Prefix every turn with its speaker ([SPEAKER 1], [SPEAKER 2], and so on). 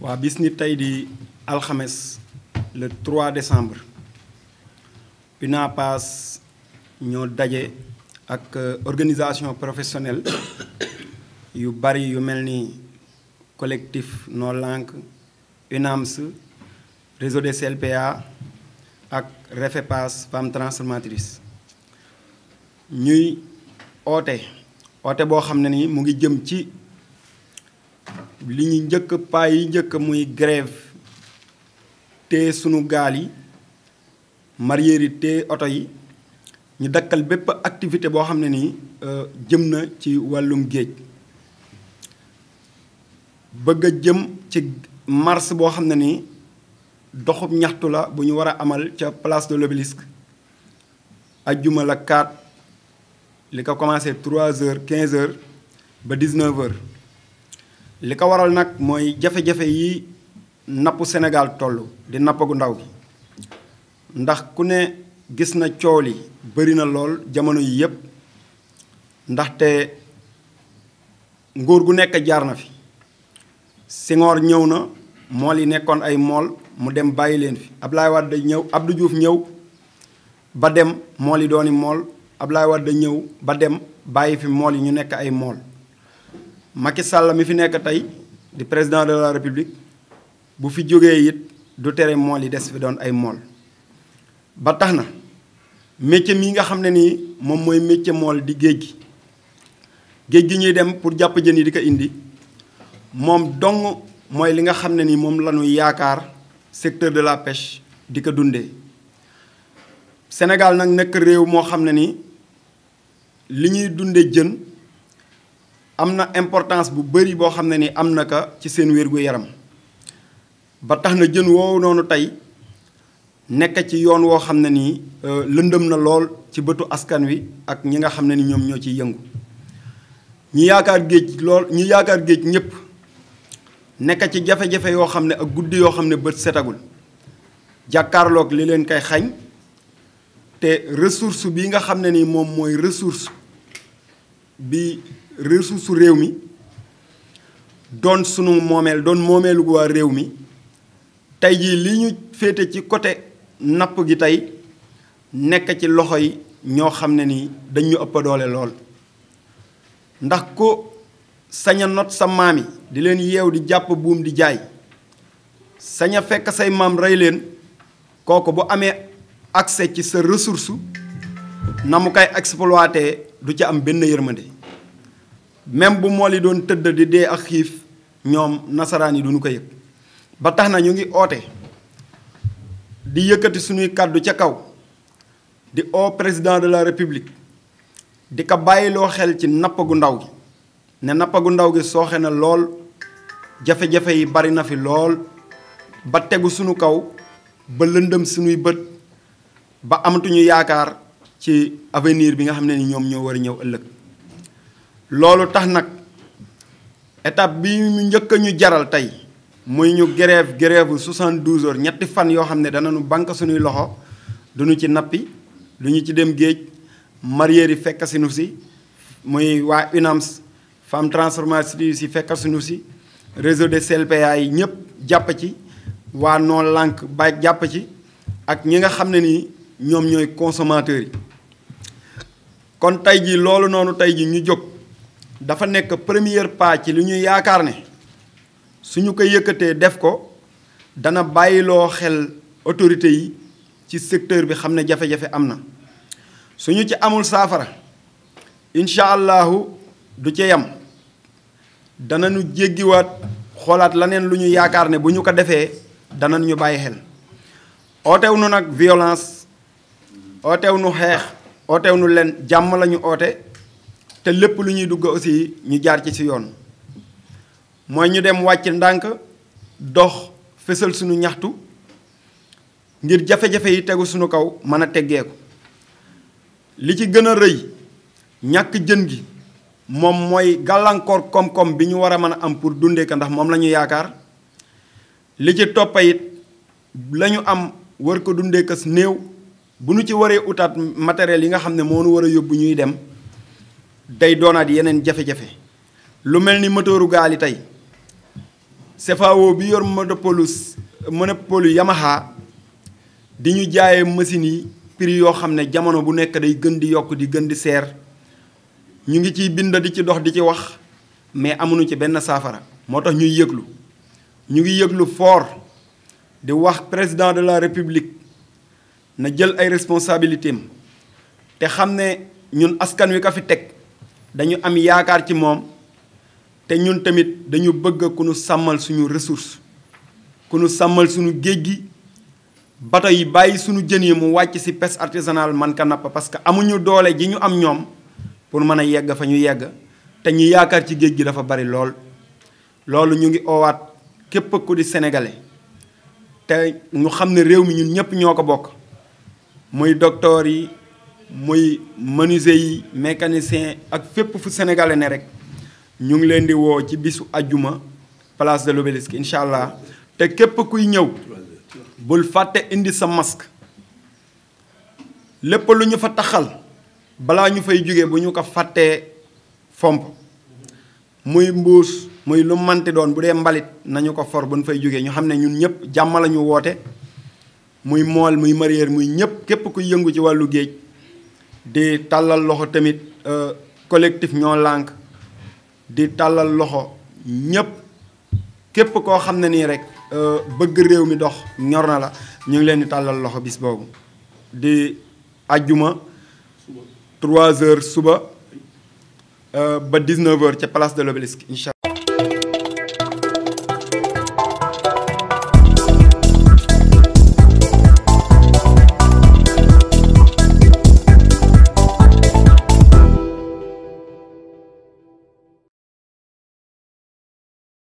[SPEAKER 1] waa bis ni tey di alxames le 3 décembre UNAPAS ñoo daje ak euh, organisation professionnelle yu bari yu mel ni collectif No Lank UNAMS réseau des CLPA ak REFEPAS femme transformatrice ñuy oote oote boo xam ne ni mu ngi jëm ci li ñu njëkk paa yi njëkk muy grève te sunu gaal yi mareyeur yi te oto yi ñu dakkal bépp activité boo xam ne nii euh, jëm na ci wàllum géej bëgg jëm ci mars boo xam ne ni doxub ñaxtu la bu ñu war a amal ca place de l'obélisque ajjuma la 4 li ko commencé trois heures quinze heures ba 19 heures li ko waral nag mooy jafe-jafe yi napp Sénégal toll di nappagu ndaw bi ndax ku ne gis na coow li bari na lool jamono yii yëpp ndaxte nguur gu nekk jaar na fi Senghor ñëw na mool yi nekkoon ay mool mu dem bàyyi leen fi Abdoulaye Wade ñëw Abdou juuf ñëw ba dem mool yi dooni mool Abdoulaye Wade ñëw ba dem bàyyi fi mool yi ñu nekk ay mool Macky Sall mi fi nekk tey di président de la république bu fi jógee it du tere mool yi des fi doon ay mool ba tax na métier mii nga xam ne ni moom mooy métier mool di géej gi géej gi ñuy dem pour jàpp jën yi di ko indi moom dong mooy li nga xam ne ni moom la ñu yaakaar secteur de la pêche di ko dundee Sénégal nag nekk réew moo xam ne ni li ñuy dunde jën am na importance bu bëri boo xam ne ni am na ka ci seen wér-gu-yaram ba tax na jën woowu noonu tey nekk ci yoon woo xam ne nii euh, lëndëm na lool ci bëtu askan wi ak ñi nga xam ne ni ñoom ñoo ciy yëngu ñi yaakaar géej lool ñi yaakaar géej ñëpp nekk ci jafe-jafe yoo xam ne ak guddi yoo xam ne bët setagul jàkkaarloog li leen koy xañ te ressource bi nga xam ne ni moom mooy ressource bi ressource su réew mi doon sunu moomeel doon moomeelu waa réew mi tey jii li ñu féete ci côté napp gi tey nekk ci loxo yi ñoo xam ne ni dañ ñu ëpp doole lool ndax ko sañ a not sa maam di leen yeew di jàpp buum di jaay saña fekk say maam rey leen kooku bu amee accès ci sa ressource na mu koy du ci am benn yërmande même bu mool yi doon tëdd di dee ak xiif ñoom nasaraan yi duñu ko yëg ba tax na ñu ngi oote di yëkkati suñuy kàddu ca kaw di oo président de la république di ko bàyyiloo xel ci napp gu ndaw gi ne nappagu ndaw gi sooxe na lool jafe-jafe yi bari na fi lool ba tegu suñu kaw ba lëndëm suñuy bët ba amatuñu yaakaar ci avenir bi nga xam ne ni ñoom ñoo war a ñëw ëllëg loolu tax nag étape bi ñu njëkk ñu jaral tey muy ñu grève grève bu 72 heures ñetti fan yoo xam ne danañu bànk suñuy loxo duñu ci nappi du ñu ci dem géej mareyeurs yi fekk si si muy waa UNAMS femme transformation si fekk si ñu si réseau de selpea yi ñëpp jàpp ci waa non lank ba jàpp ci ak ñi nga xam ne ni ñoom ñooy consommateurs yi kon tey ji loolu noonu tey ji ñu jóg dafa nekk première pas ci li ñuy yaakaar ne suñu ko yëkkatee def ko dana bàyyiloo xel autorités yi ci secteur bi xam ne jafe-jafe am na suñu ci amul saafara incha allahu du ca yam danañu jéggiwaat xoolaat leneen lu ñuy yaakaar ne bu ñu ko defee dana ñu bàyyi xel ootew nu nag violence ootew nu xeex ootew nu leen jàmm lañu oote te lépp lu ñuy dugg aussi ñu jaar ci si yoon mooy ñu dem wàcc ndànk dox fësal sunu ñaxtu ngir jafe-jafe yi tegu sunu kaw mën a teggeeku li ci gën a rëy ñàkk jën gi moom mooy gàllankoor koom-koom bi ñu war a mën a am pour dundee ko ndax moom la ñu yaakaar li ci toppa lañu am war ko dundee kas néew bu ñu ci waree utaat matériel yi nga xam ne moo nu war a yóbbu ñuy dem day doonaat yeneen jafe-jafe lu mel ni motooru gaal yi tey CFAO bi yor monopolu monopolu Yamaha di ñu jaaye machines yi prix yoo xam ne jamono bu nekk day gën di yokk di gën di seer ñu ngi ciy bind di ci dox di ci wax mais amuñu ci benn saafara moo tax ñuy yëglu ñu ngi yëglu foor di wax président de la république na jël ay responsabilités te xam ne ñun askan wi ka fi teg dañu am yaakaar ci moom te ñun tamit dañu bëgg ku nu sàmmal suñu ressource ku nu sàmmal suñu géej gi bato yi bàyyi suñu jën yi mu wàcc ci pêche artisanale man ka napp parce que amuñu doole ji ñu am ñoom pour mën a yegg fa ñu yegg te ñu yaakaar ci géej gi dafa bari lool loolu ñu ngi oowaat képp ku di sénégalais te ñu xam ne réew mi ñun ñëpp ñoo ko bokk muy docteur yi muy menuisier yi mécanicien ak fépp fu sénégalais ne rek ñu ngi leen di woo ci bisu ajjuma palace de l'obélisque incha allah te képp kuy ñëw bul fàtte indi sa mask lépp lu ñu fa taxal balaa ñu fay jóge bu ñu ko fàttee fomp muy mbuus muy lu manti doon bu dee mbalit nañu ko for bu ñu fay jógee ñu xam ne ñun ñëpp jàmmala ñu woote muy mool muy mareyeur muy ñëpp képp kuy yëngu ci wàllu géej di tàllal loxo tamit euh, collectif ñoo lànk di tàllal loxo ñépp képp koo xam ne nii rek euh, bëgg réew mi dox ñor na la ñu ngi leen di tàllal loxo bis boobu di ajjuma 3 heures suba euh, ba 19 heures ca place de l'obélisque incha